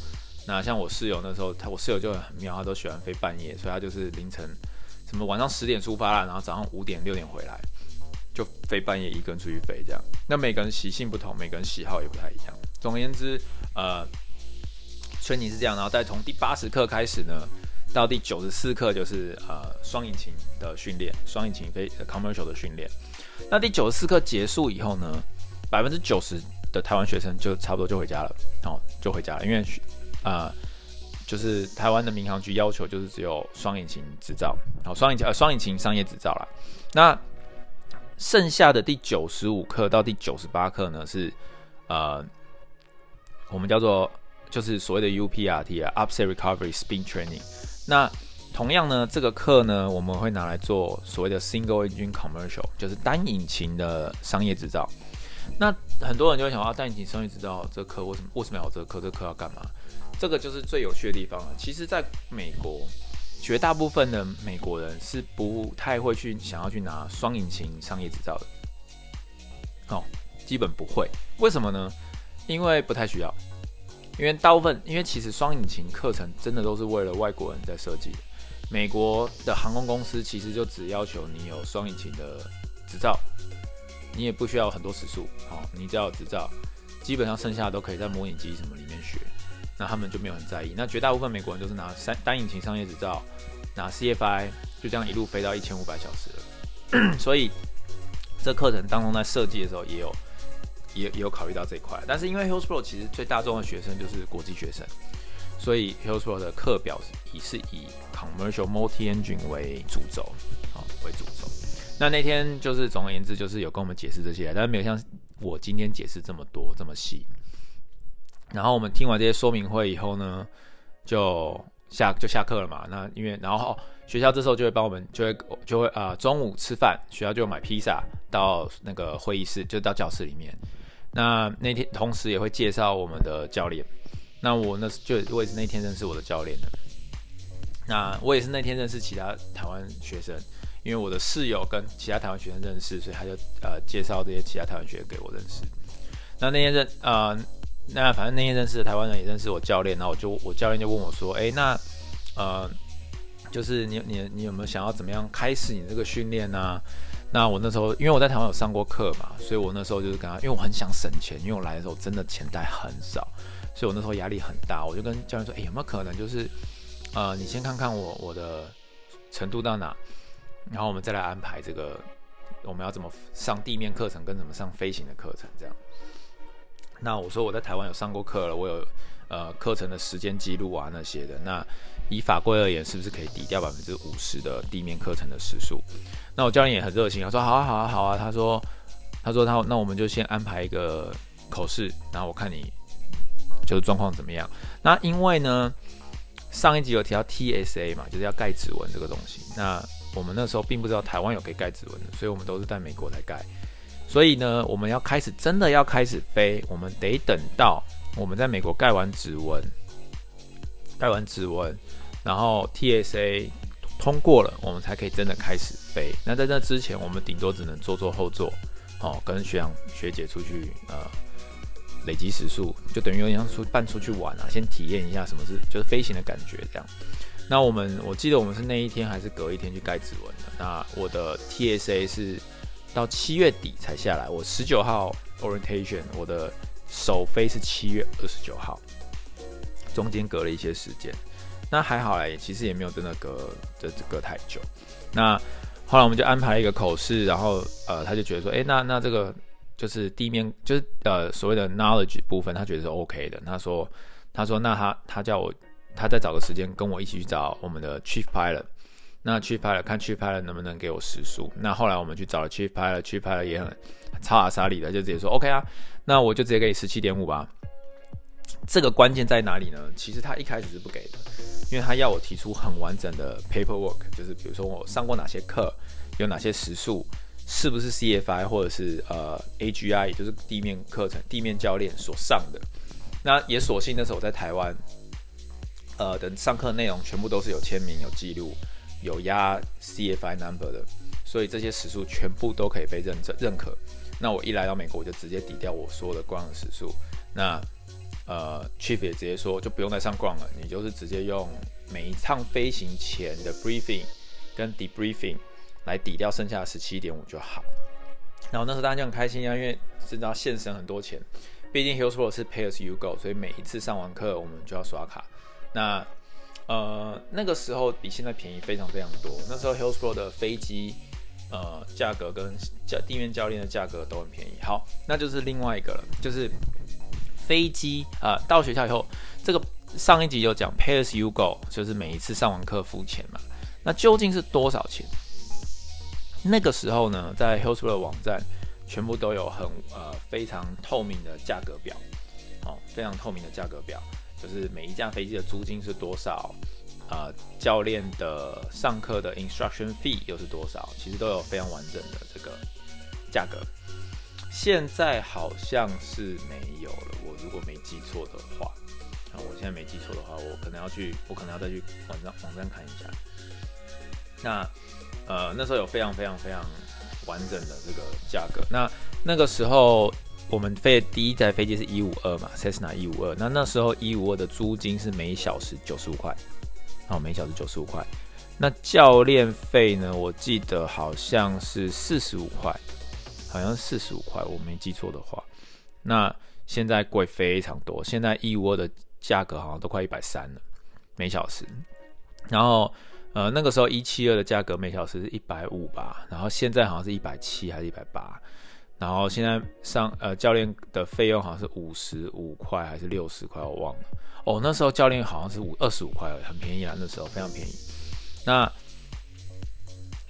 那像我室友那時候，他我室友就很妙，他都喜歡飛半夜，所以他就是凌晨什麼晚上十點出發了，然後早上五點六點回來，就飛半夜一個人出去飛這樣。那每個人習性不同，每個人喜好也不太一樣。總而言之，呃，春妮是這樣，然後再從第八十課開始呢，到第九十四課就是呃，雙引擎的訓練，雙引擎飛 commercial 的訓練。那第九十四課結束以後呢，百分之九十的台灣學生就差不多就回家了，哦，就回家了，因為啊、呃，就是台灣的民航局要求就是只有雙引擎執照，好、哦，雙引擎呃，雙引擎商業執照啦。那剩下的第九十五課到第九十八課呢是呃我們叫做就是所謂的 UPRT 啊，upset recovery spin training。那同樣呢，這個課呢，我們會拿來做所謂的 single engine commercial，就是單引擎的商業執照。那很多人就會想到、啊、單引擎商業執照這課、個、為什麼？為什麼有這課？這課、個、要幹嘛？這個就是最有趣的地方了。其實，在美國，絕大部分的美國人是不太會去想要去拿雙引擎商業執照的，哦，基本不會。為什麼呢？因為不太需要。因為大部分，因為其實雙引擎課程真的都是為了外國人在設計的。美國的航空公司其實就只要求你有雙引擎的執照，你也不需要有很多時數。好，你只要有執照，基本上剩下的都可以在模擬機什麼裡面學。那他們就沒有很在意。那絕大部分美國人都是拿三單引擎商業執照，拿 CFI 就這樣一路飛到一千五百小時了。所以這課程當中在設計的時候也有。也也有考慮到這一塊，但是因為 Hillsboro 其實最大眾的學生就是國際學生，所以 Hillsboro 的課表是，是以 Commercial Multi Engine 為主軸，啊、哦、為主軸。那那天就是總而言之，就是有跟我們解釋這些，但是沒有像我今天解釋這麼多這麼細。然後我們聽完這些說明會以後呢，就。下就下課了嘛，那因為然後、哦、學校這時候就會幫我們就會就會啊、呃，中午吃飯，學校就買披薩到那個會議室就到教室裡面。那那天同時也會介紹我們的教練，那我那就我也是那天認識我的教練的。那我也是那天認識其他台灣學生，因為我的室友跟其他台灣學生認識，所以他就呃介紹這些其他台灣學生給我認識。那那天認呃。那反正那些認識的台灣人也認識我教練，然後我就我教練就問我說：“哎、欸，那呃，就是你你你有沒有想要怎麼樣開始你這個訓練呢？”那我那時候因為我在台灣有上過課嘛，所以我那時候就是跟他，因為我很想省錢，因為我來的時候真的錢帶很少，所以我那時候壓力很大，我就跟教練說：“哎、欸，有沒有可能就是呃，你先看看我我的程度到哪，然後我們再來安排這個我們要怎麼上地面課程跟怎麼上飛行的課程這樣。”那我說我在台灣有上過課了，我有呃課程的時間記錄啊那些的。那以法規而言，是不是可以抵掉百分之五十的地面課程的時數？那我教練也很熱心，他說好啊好啊好啊。他說他說他，那我們就先安排一個口試，然後我看你就是狀況怎麼樣。那因為呢上一集有提到 TSA 嘛，就是要蓋指紋這個東西。那我們那時候並不知道台灣有可以蓋指紋的，所以我們都是在美國來蓋。所以呢，我們要開始，真的要開始飛，我們得等到我們在美國蓋完指紋，蓋完指紋，然後 TSA 通過了，我們才可以真的開始飛。那在那之前，我們頂多只能坐坐後座，哦，跟學長學姐出去呃，累積時數就等於有點像出辦出去玩啊，先體驗一下什麼是就是飛行的感覺這樣。那我們我記得我們是那一天還是隔一天去蓋指紋的？那我的 TSA 是。到七月底才下來。我十九號 orientation，我的首飛是七月二十九號，中間隔了一些時間。那還好哎，其實也沒有真的隔這隔太久。那後來我們就安排了一個口試，然後呃，他就覺得說，誒、欸，那那這個就是地面就是呃所謂的 knowledge 部分，他覺得是 OK 的。他說他說，那他他叫我他再找個時間跟我一起去找我們的 chief pilot。那 Chief pilot，看 Chief pilot 能不能給我時數。那後來我們去找了 Chief pilot，Chief pilot 也很超阿薩利的，就直接說 OK 啊，那我就直接給你十七點五吧。這個關鍵在哪裡呢？其實他一開始是不給的，因為他要我提出很完整的 paperwork，就是比如說我上過哪些課，有哪些時數，是不是 CFI 或者是呃 AGI，也就是地面課程、地面教練所上的。那也索性那時候我在台灣，呃，等上課內容全部都是有簽名、有記錄。有壓 CFI number 的，所以這些時數全部都可以被認證認可。那我一來到美國，我就直接抵掉我所有的 Ground 的時數。那呃 chief 也直接說，就不用再上 Ground 了，你就是直接用每一趟飛行前的 briefing 跟 debriefing 來抵掉剩下的十七點五就好。然後那時候大家就很開心啊，因為知道現省很多錢。畢竟 Hillsboro 是 pay as you go，所以每一次上完課我們就要刷卡。那呃，那個時候比現在便宜非常非常多。那時候 Hillsboro 的飛機，呃，價格跟教地面教練的價格都很便宜。好，那就是另外一個了，就是飛機啊、呃，到學校以後，這個上一集有講 Pay as you go，就是每一次上完課付錢嘛。那究竟是多少錢？那個時候呢，在 Hillsboro 的網站全部都有很呃非常透明的價格表，好，非常透明的價格表。哦就是每一架飛機的租金是多少，啊、呃，教練的上課的 instruction fee 又是多少，其實都有非常完整的這個價格。現在好像是沒有了，我如果沒記錯的話，啊，我現在沒記錯的話，我可能要去，我可能要再去網站網站看一下。那，呃，那時候有非常非常非常完整的這個價格。那那個時候。我們飛的第一台飛機是一五二嘛，Cessna 一五二。一五二，那那時候一五二的租金是每小時九十五塊，好，每小時九十五塊。那教練費呢？我記得好像是四十五塊，好像四十五塊，我沒記錯的話。那現在貴非常多，現在一五二的價格好像都快一百三了，每小時。然後，呃，那個時候一七二的價格每小時是一百五吧，然後現在好像是一百七還是一百八。然後現在上呃教練的費用好像是五十五塊還是六十塊，我忘了哦。那時候教練好像是五二十五塊而已，很便宜啊，那時候非常便宜。那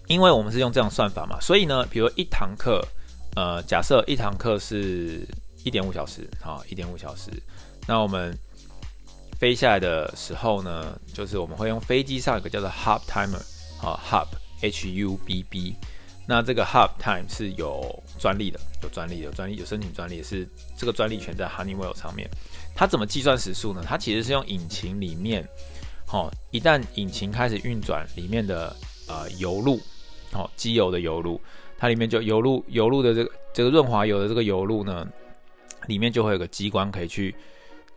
因為我們是用這樣算法嘛，所以呢，比如一堂課，呃，假設一堂課是一點五小時，啊，一點五小時。那我們飛下來的時候呢，就是我們會用飛機上有個叫做 Hub Timer 啊，Hub H U B B，那這個 Hub Time 是有專利的有專利，有專利，有申請專利，是這個專利權在 Honeywell 上面。它怎麼計算時數呢？它其實是用引擎裡面，哦，一旦引擎開始運轉，裡面的呃油路，哦，機油的油路，它裡面就油路油路的這個這個潤滑油的這個油路呢，裡面就會有個機關可以去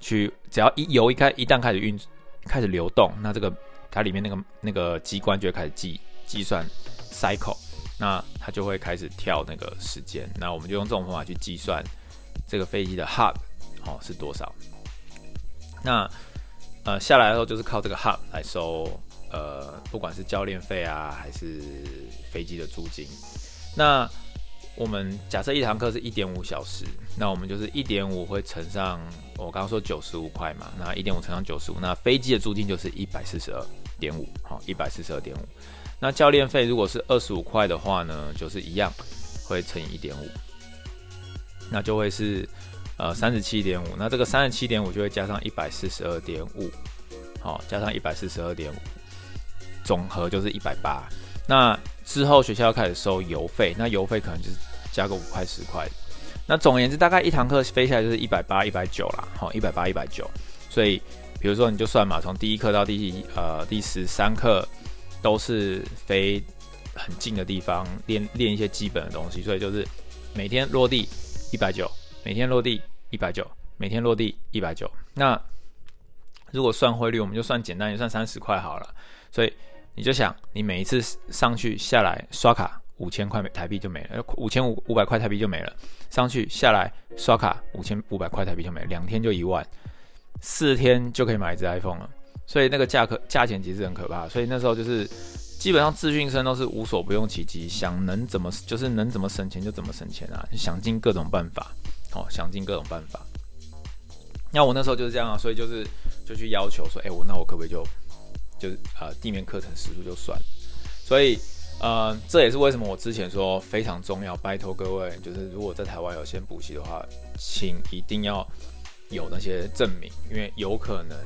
去，只要一油一開一旦開始運開始流動，那這個它裡面那個那個機關就會開始計計算 cycle。那它就會開始跳那個時間，那我們就用這種方法去計算這個飛機的 hub 哦是多少。那呃下來的時候就是靠這個 hub 來收呃，不管是教練費啊還是飛機的租金。那我們假設一堂課是一點五小時，那我們就是一點五會乘上我剛剛說九十五塊嘛，那一點五乘上九十五，那飛機的租金就是一百四十二點五，好，一百四十二點五。那教練費如果是二十五塊的話呢，就是一樣會乘以一點五，那就會是呃三十七點五。5, 那這個三十七點五就會加上一百四十二點五，好，加上一百四十二點五，總和就是一百八。那之後學校要開始收油費，那油費可能就是加個五塊十塊。那總而言之，大概一堂課飛下來就是一百八、一百九啦，好、哦，一百八、一百九。所以，比如說你就算嘛，從第一課到第呃第十三課。都是飛很近的地方練練一些基本的東西，所以就是每天落地一百九，每天落地一百九，每天落地一百九。那如果算匯率，我們就算簡單，也算三十塊好了。所以你就想，你每一次上去下來刷卡五千塊台幣就沒了，五千五五百塊台幣就沒了。上去下來刷卡五千五百塊台幣就沒了，兩天就一萬，四天就可以買一隻 iPhone 了。所以那個價格價錢其實很可怕，所以那時候就是基本上自訓生都是無所不用其極，想能怎麼就是能怎麼省錢就怎麼省錢啊，就想盡各種辦法，好、喔、想盡各種辦法。那我那時候就是這樣啊，所以就是就去要求說，哎、欸、我那我可不可以就就是呃地面課程時數就算。所以呃這也是為什麼我之前說非常重要，拜託各位就是如果在台灣有先補習的話，請一定要有那些證明，因為有可能。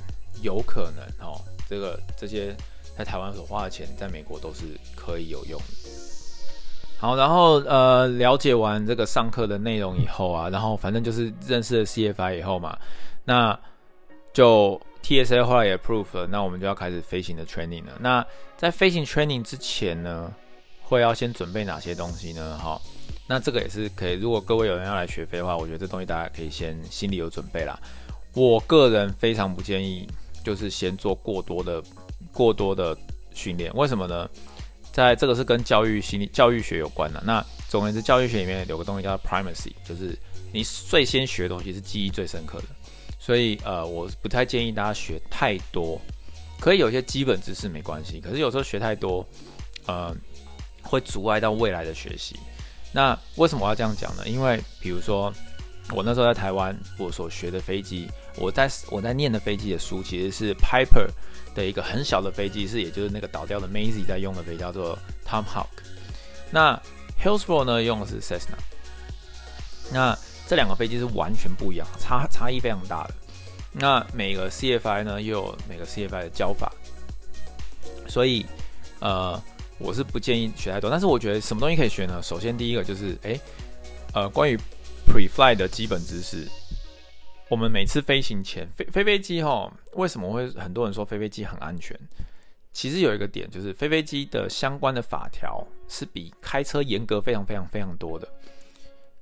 有可能哦，這個這些在台灣所花的錢，在美國都是可以有用的。好，然後呃，了解完這個上課的內容以後啊，然後反正就是認識了 CFI 以後嘛，那就 TSA 後來也 approve 了，那我們就要開始飛行的 training 了。那在飛行 training 之前呢，會要先準備哪些東西呢？哈，那這個也是可以，如果各位有人要來學飛的話，我覺得這東西大家可以先心裡有準備啦。我個人非常不建議。就是先做過多的、過多的訓練，為什麼呢？在這個是跟教育心理、教育學有關的。那總而言之，教育學裡面有個東西叫 primacy，就是你最先學的東西是記憶最深刻的。所以呃，我不太建議大家學太多，可以有一些基本知識沒關係。可是有時候學太多，呃，會阻礙到未來的學習。那為什麼我要這樣講呢？因為比如說，我那時候在台灣，我所學的飛機，我在我在念的飛機的書，其實是 Piper 的一個很小的飛機，是也就是那個倒掉的 Maisy 在用的飛機，叫做 Tomahawk。那 Hillsboro 呢，用的是 Cessna。那這兩個飛機是完全不一樣，差差異非常大的。那每個 CFI 呢，又有每個 CFI 的教法，所以呃，我是不建議學太多。但是我覺得什麼東西可以學呢？首先第一個就是，誒、欸、呃，關於 Preflight 的基本知識，我們每次飛行前飛、飛飛飛機哈，為什麼會很多人說飛飛機很安全？其實有一個點就是飛飛機的相關的法條是比開車嚴格非常非常非常多的。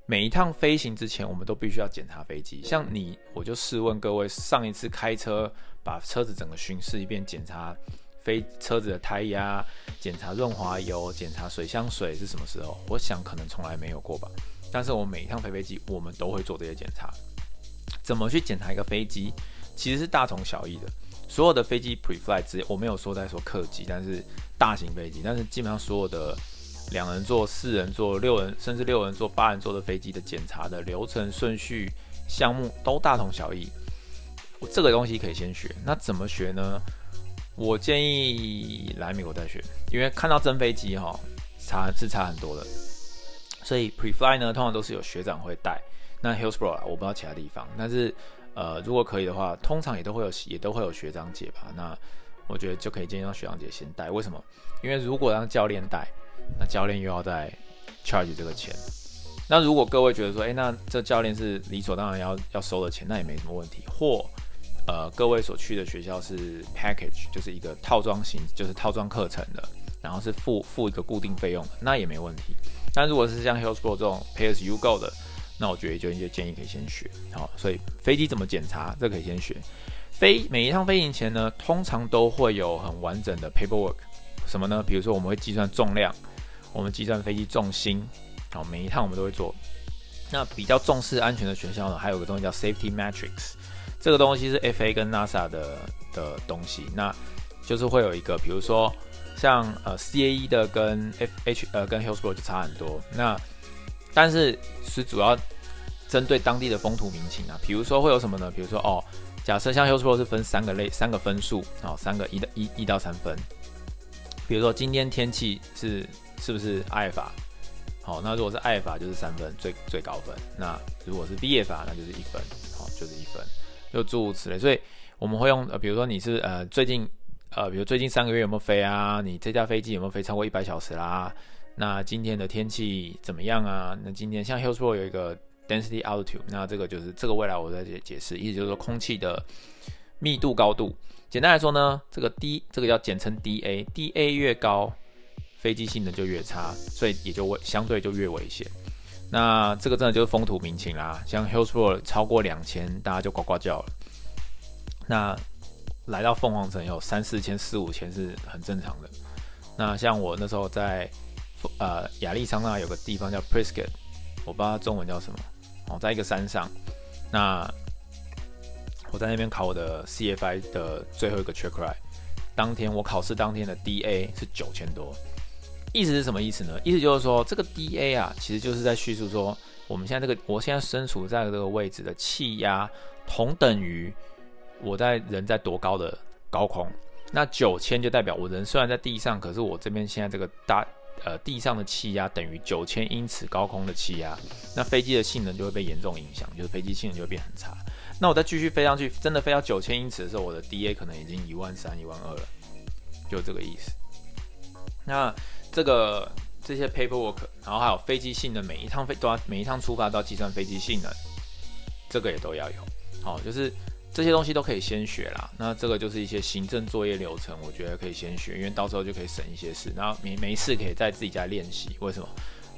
每一趟飛行之前，我們都必須要檢查飛機。像你，我就試問各位，上一次開車把車子整個巡視一遍，檢查飛車子的胎壓，檢查潤滑油，檢查水箱水是什麼時候？我想可能從來沒有過吧。但是我每一趟飛飛機，我們都會做這些檢查。怎麼去檢查一個飛機，其實是大同小異的。所有的飛機 preflight 之類，我沒有說在說客機，但是大型飛機，但是基本上所有的兩人座、四人座、六人甚至六人座、八人座的飛機的檢查的流程順序項目都大同小異。我這個東西可以先學，那怎麼學呢？我建議來美國再學，因為看到真飛機哈，差是差很多的。所以 pre-fly 呢，通常都是有學長會帶。那 Hillsboro 我不知道其他地方，但是呃，如果可以的話，通常也都會有也都會有學長姐吧。那我覺得就可以建議讓學長姐先帶。為什麼？因為如果讓教練帶，那教練又要再 charge 這個錢。那如果各位覺得說，哎、欸，那這教練是理所當然要要收的錢，那也沒什麼問題。或呃，各位所去的學校是 package，就是一個套裝型，就是套裝課程的。然後是付付一個固定費用的，那也沒問題。但如果是像 Hillsboro 這種 Pay as you go 的，那我覺得就應該建議可以先學。好，所以飛機怎麼檢查，這個、可以先學。飛每一趟飛行前呢，通常都會有很完整的 paperwork，什麼呢？比如說我們會計算重量，我們計算飛機重心。好，每一趟我們都會做。那比較重視安全的學校呢，還有一個東西叫 Safety Matrix，這個東西是 FA 跟 NASA 的的東西。那就是會有一個，比如說。像呃，C A E 的跟 F H 呃跟 Hillsboro 就差很多。那但是是主要針對當地的風土民情啊，比如說會有什麼呢？比如說哦，假設像 Hillsboro 是分三個類，三個分數，哦，三個一到一,一到三分。比如說今天天氣是是不是 Alpha，好，那如果是 Alpha 就是三分，最最高分。那如果是畢業法那就是一分，好，哦，就是一分，就諸如此類。所以我們會用，呃，比如說你是呃最近。呃，比如最近三個月有沒有飛啊？你這架飛機有沒有飛超過一百小時啦？那今天的天氣怎麼樣啊？那今天像 Hillsboro 有一個 density altitude，那這個就是這個未來我再解解釋，意思就是說空氣的密度高度。簡單來說呢，這個 D 這個叫簡稱 DA，DA 越高，飛機性能就越差，所以也就相對就越危險。那這個真的就是風土民情啦，像 Hillsboro 超過兩千，大家就呱呱叫了。那。來到鳳凰城有三四千、四五千是很正常的。那像我那時候在呃亞利桑那有個地方叫 Prescott，我不知道它中文叫什麼？哦，在一個山上，那我在那邊考我的 CFI 的最後一個 checkride，right，當天我考試當天的 DA 是九千多。意思是什麼意思呢？意思就是說這個 DA 啊，其實就是在敘述說我們現在這個我現在身處在這個位置的氣壓同等於。我在人在多高的高空？那九千就代表我人雖然在地上，可是我這邊現在這個大呃地上的氣壓等於九千英尺高空的氣壓，那飛機的性能就會被嚴重影響，就是飛機性能就會變很差。那我再繼續飛上去，真的飛到九千英尺的時候，我的 DA 可能已經一萬三、一萬二了，就這個意思。那這個這些 paperwork，然後還有飛機性能，每一趟飛，每每一趟出發都要計算飛機性能，這個也都要有。好、哦，就是。這些東西都可以先學啦，那這個就是一些行政作業流程，我覺得可以先學，因為到時候就可以省一些事。然後沒沒事可以在自己家練習，為什麼？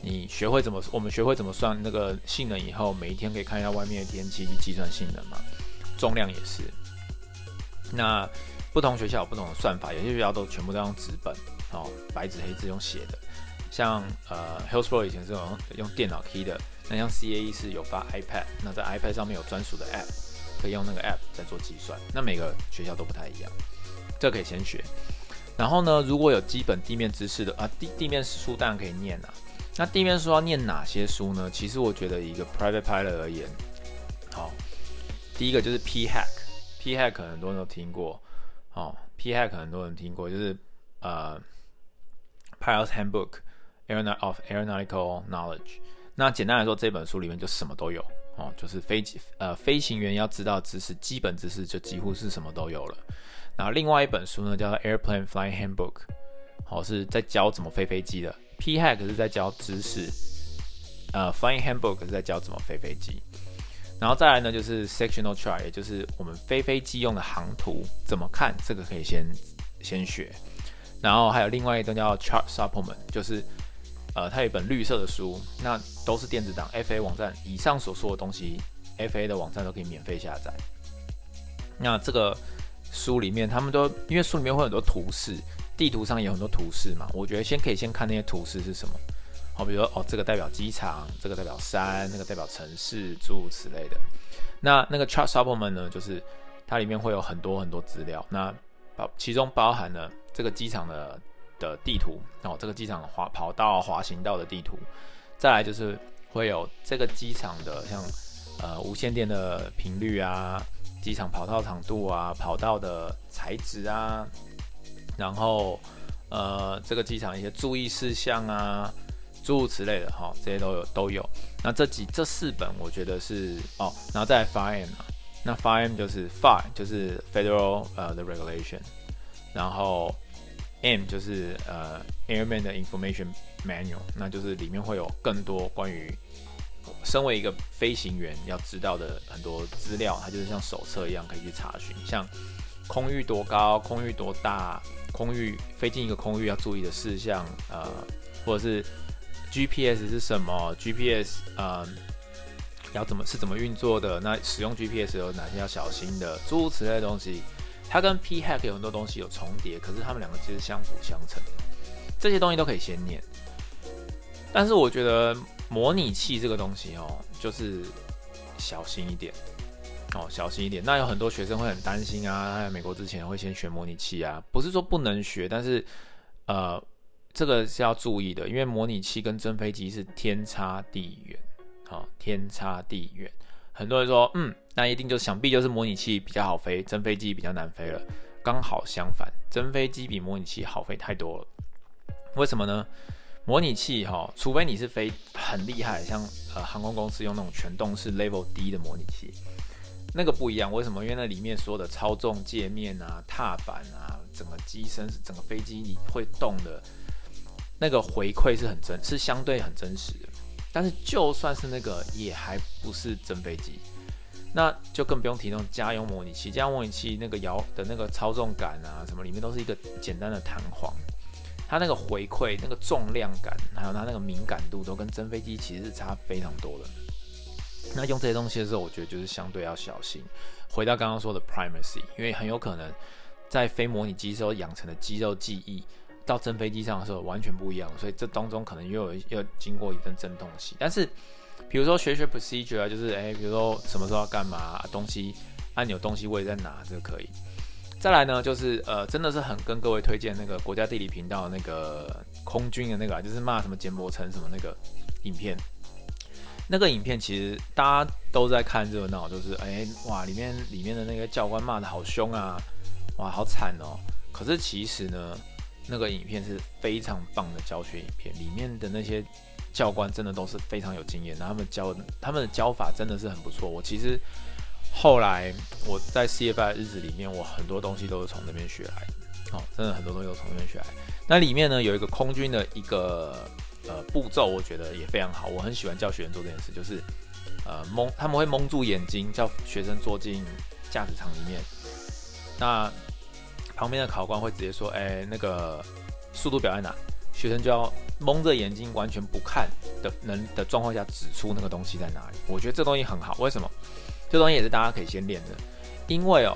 你學會怎麼我們學會怎麼算那個性能以後，每一天可以看一下外面的天氣去計算性能嘛，重量也是。那不同學校有不同的算法，有些學校都全部都用紙本，哦、喔，白紙黑字用寫的。像呃，Health Pro 以前是用用電腦 key 的，那像 CAE 是有發 iPad，那在 iPad 上面有專屬的 app。可以用那個 app 再做計算，那每個學校都不太一樣，這可以先學。然後呢，如果有基本地面知識的啊，地地面書當然可以念啦，啊。那地面書要念哪些書呢？其實我覺得一個 private pilot 而言，好，第一個就是 P hack，P hack 很多人都聽過，好，P hack 很多人聽過，就是呃，Pilot's Handbook，of Aeronautical Knowledge。那簡單來說，這本書裡面就什麼都有。哦，就是飛機，呃，飛行員要知道知識，基本知識就幾乎是什麼都有了。然後另外一本書呢，叫做 Airplane Flying Handbook，哦，好是在教怎麼飛飛機的。P-Hack 是在教知識，呃，Flying Handbook 是在教怎麼飛飛機。然後再來呢，就是 Sectional Chart，也就是我們飛飛機用的航圖怎麼看，這個可以先先學。然後還有另外一種叫 Chart Supplement，就是。呃，它有一本綠色的書，那都是電子檔。FA 網站以上所說的東西，FA 的網站都可以免費下載。那這個書裡面，他們都因為書裡面會有很多圖示，地圖上也有很多圖示嘛。我覺得先可以先看那些圖示是什麼。好，比如說哦，這個代表機場，這個代表山，那個代表城市，諸如此類的。那那個 Chart Supplement 呢，就是它裡面會有很多很多資料，那包其中包含了這個機場的。的地圖，哦，這個機場滑跑道、滑行道的地圖，再來就是會有這個機場的像呃無線電的頻率啊，機場跑道長度啊，跑道的材質啊，然後呃這個機場一些注意事項啊，諸如此類的哈、哦，這些都有都有。那這幾這四本我覺得是哦，然後再來 FAR 那 FAR 就是 FA 就是 Federal 呃 the regulation，然後。M 就是呃 Airman 的 Information Manual，那就是裡面會有更多關於身為一個飛行員要知道的很多資料，它就是像手冊一樣可以去查詢，像空域多高、空域多大、空域飛進一個空域要注意的事項，呃，或者是 GPS 是什麼，GPS 呃要怎麼是怎麼運作的，那使用 GPS 有哪些要小心的諸如此類的東西。它跟 PHAK 有很多東西有重疊，可是它們兩個其實相輔相成。這些東西都可以先念，但是我覺得模擬器這個東西哦、喔，就是小心一點哦、喔，小心一點。那有很多學生會很擔心啊，在、哎、美國之前會先學模擬器啊，不是說不能學，但是呃，這個是要注意的，因為模擬器跟真飛機是天差地遠，好、喔，天差地遠。很多人說，嗯，那一定就想必就是模擬器比較好飛，真飛機比較難飛了。剛好相反，真飛機比模擬器好飛太多了。為什麼呢？模擬器哈，除非你是飛很厲害，像呃航空公司用那種全動式 level D 的模擬器，那個不一樣。為什麼？因為那裡面所有的操縱界面啊、踏板啊、整個機身、整個飛機你會動的，那個回饋是很真，是相對很真實的。但是就算是那個，也還不是真飛機，那就更不用提那種家用模擬器。家用模擬器那個搖的那個操縱桿啊，什麼裡面都是一個簡單的彈簧，它那個回饋、那個重量感，還有它那個敏感度，都跟真飛機其實是差非常多的。那用這些東西的時候，我覺得就是相對要小心。回到剛剛說的 Primacy，因為很有可能在飛模擬機時候養成的肌肉記憶，到真飛機上的時候完全不一樣，所以這當中可能又有要經過一陣陣痛期。但是，比如說學學 procedure 啊，就是誒，比、欸、如說什麼時候要幹嘛、啊，東西按鈕東西位在哪，這個可以。再來呢，就是呃，真的是很跟各位推薦那個國家地理頻道那個空軍的那個、啊，就是罵什麼簡柏城什麼那個影片。那個影片其實大家都在看熱鬧，就是誒、欸，哇，裡面裡面的那個教官罵得好凶啊，哇好慘哦。可是其實呢。那個影片是非常棒的教學影片，裡面的那些教官真的都是非常有經驗，那他們教他們的教法真的是很不錯。我其實後來我在事業班的日子裡面，我很多東西都是從那邊學來的，哦，真的很多東西都是從那邊學來。那裡面呢，有一個空軍的一個呃步驟，我覺得也非常好，我很喜歡教學生做這件事，就是呃蒙他們會蒙住眼睛，叫學生坐進駕駛艙裡面，那。旁邊的考官會直接說：“誒，那個速度表在哪？”學生就要蒙着眼睛，完全不看的能的狀況下指出那個東西在哪裡。我覺得這東西很好，為什麼？這東西也是大家可以先練的，因為哦，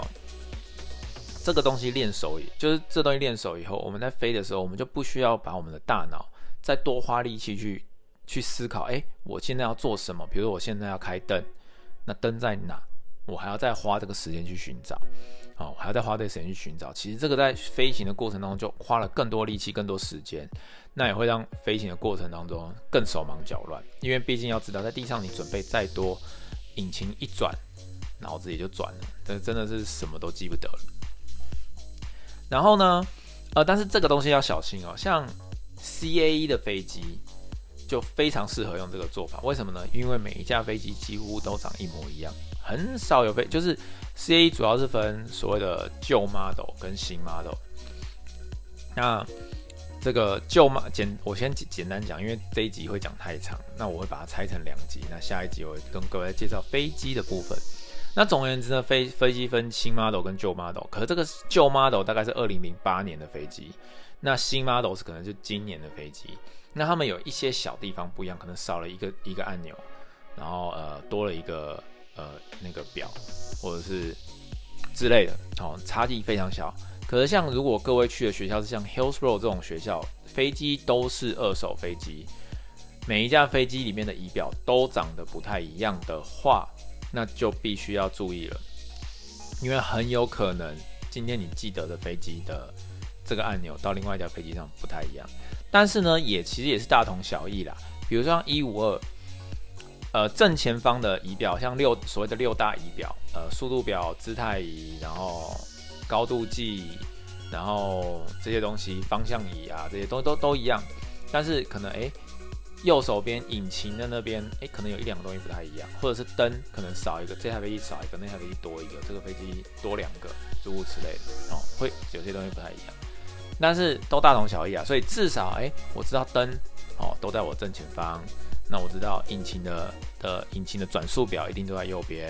這個東西練手，也就是這東西練手以後，我們在飛的時候，我們就不需要把我們的大腦再多花力氣去去思考：“誒，我現在要做什麼？”比如說我現在要開燈，那燈在哪？我還要再花這個時間去尋找。哦，還要再花點時間去尋找。其實這個在飛行的過程當中就花了更多力氣、更多時間，那也會讓飛行的過程當中更手忙腳亂。因為畢竟要知道，在地上你準備再多，引擎一轉，腦子也就轉了，但是真的是什麼都記不得了。然後呢，呃，但是這個東西要小心哦，像 CAE 的飛機。就非常適合用這個做法，為什麼呢？因為每一架飛機幾乎都長一模一樣，很少有飛，就是 CAE，主要是分所謂的舊 model 跟新 model。那這個舊 model 簡，我先簡單講，因為這一集會講太長，那我會把它拆成兩集。那下一集我會跟各位介紹飛機的部分。那總而言之呢，飛飛機分新 model 跟舊 model，可是這個舊 model 大概是二零零八年的飛機。那新 models 可能是今年的飛機，那他們有一些小地方不一樣，可能少了一個一個按鈕，然後呃多了一個呃那個表或者是之類的哦，差異非常小。可是像如果各位去的學校是像 Hillsboro 這種學校，飛機都是二手飛機，每一架飛機裡面的儀表都長得不太一樣的話，那就必須要注意了，因為很有可能今天你記得的飛機的。這個按鈕到另外一架飛機上不太一樣，但是呢，也其實也是大同小異啦。比如說像一五二，呃，正前方的儀表像六所謂的六大儀表，呃，速度表、姿態儀，然後高度計，然後這些東西方向儀啊，這些都都都一樣。但是可能哎，右手邊引擎的那邊哎，可能有一兩個東西不太一樣，或者是燈可能少一個，這台飛機少一個，那台飛機多一個，這個飛機多兩個，諸如此類的哦，會有些東西不太一樣。但是都大同小異啊，所以至少哎、欸，我知道燈哦都在我正前方，那我知道引擎的、的引擎的轉速表一定都在右邊，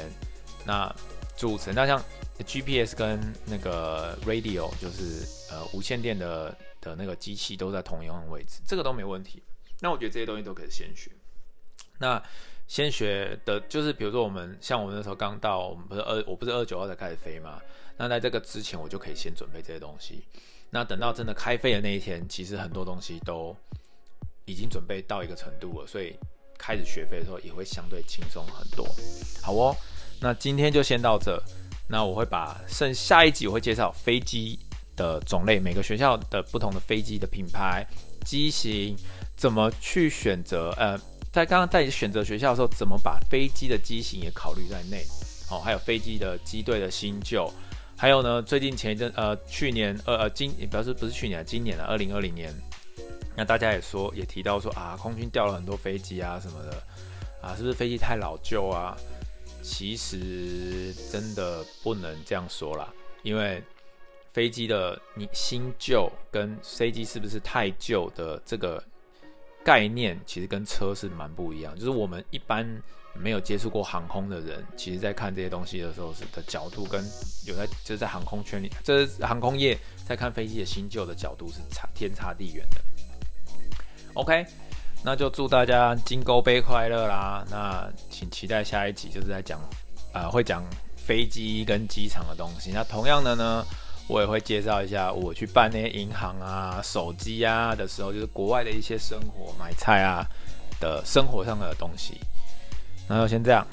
那組成那像 GPS 跟那個 radio 就是呃無線電的、的那個機器都在同樣的位置，這個都沒問題。那我覺得這些東西都可以先學。那先學的就是比如說我們像我們那時候剛到，我們不是二、我不是二九號才開始飛嗎？那在這個之前我就可以先準備這些東西。那等到真的開飛的那一天，其實很多東西都已經準備到一個程度了，所以開始學飛的時候也會相對輕鬆很多。好哦，那今天就先到這。那我會把剩下一集我會介紹飛機的種類，每個學校的不同的飛機的品牌、機型，怎麼去選擇。呃，在剛剛在選擇學校的時候，怎麼把飛機的機型也考慮在內。哦，還有飛機的機隊的新舊。還有呢，最近前一陣，呃，去年，呃，呃，今也不是不是去年啊，今年了，啊，二零二零年，那大家也說，也提到說啊，空軍掉了很多飛機啊什麼的，啊，是不是飛機太老舊啊？其實真的不能這樣說啦，因為飛機的你新舊跟飛機是不是太舊的這個概念，其實跟車是蠻不一樣，就是我們一般。沒有接觸過航空的人，其實在看這些東西的時候是，是的角度跟有在就是在航空圈裡，這、就是、航空業在看飛機的新舊的角度是差天差地遠的。OK，那就祝大家金勾杯快樂啦！那請期待下一集，就是在講啊、呃，會講飛機跟機場的東西。那同樣的呢，我也會介紹一下我去辦那些銀行啊、手機啊的時候，就是國外的一些生活、買菜啊的生活上的東西。那就先這樣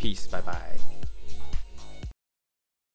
，peace，拜拜。